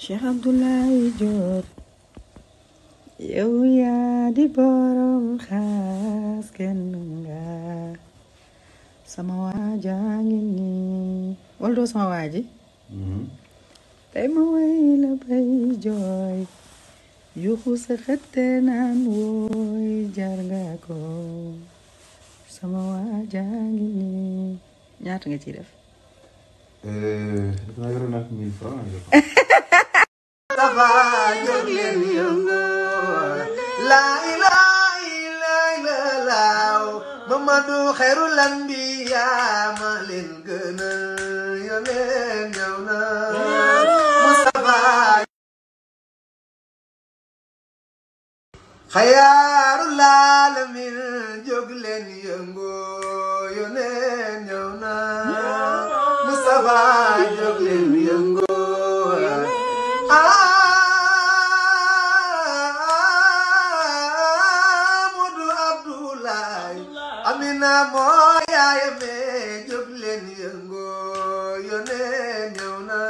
Cheikh Abdoulaye Diop yow yaa di borom xaas kenn nga sama waaja ngi nii sama waaji mm-hmm. tey ma way jooy yuxu sa naan wooy jar sama waaja ngi nii nga ciy def. Eh, Mustafa jóg leen yëngu laa ilaaha illallaah Mamadu xayrul anbiya ma leen gën a yónnee ñëw na Mustafa xayrul alamin jóg leen yëngu yónnee ñëw na Mustafa jóg leen yëngu amina moo yaayame leen yëngo yone ñëw na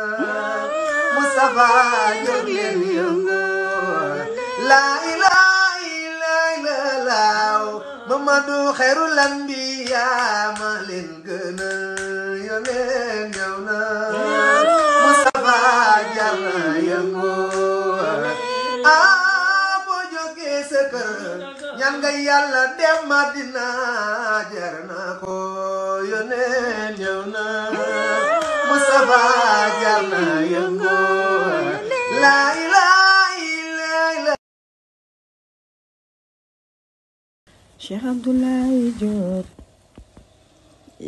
leen yëngo la ilaha illa Allah Mamadu xayrul anbiya ma leen gën a yone ñëw na Mustafa jar na yëngo a nyanga yalla dem Madina jarna ko yone ñëw na jarna yango la yëngu laa ilaaha Cheikh Abdullah Diop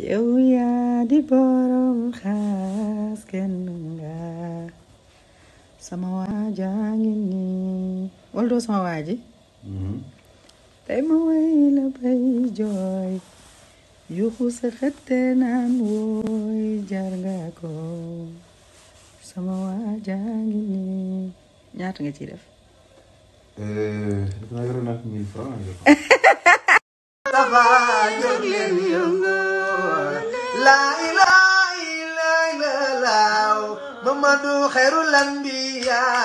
yow ya di borom khas kennga sama waajaa ini. Waldo sama waaji mm-hmm. tey ma way bay jooy yuxu sa xëtte naan wooy jaar nga ko sama waa jaa ngi nii nga ciy def laa ilaa ilaa ilaa laaw Mamadu xeyrul anbiyaa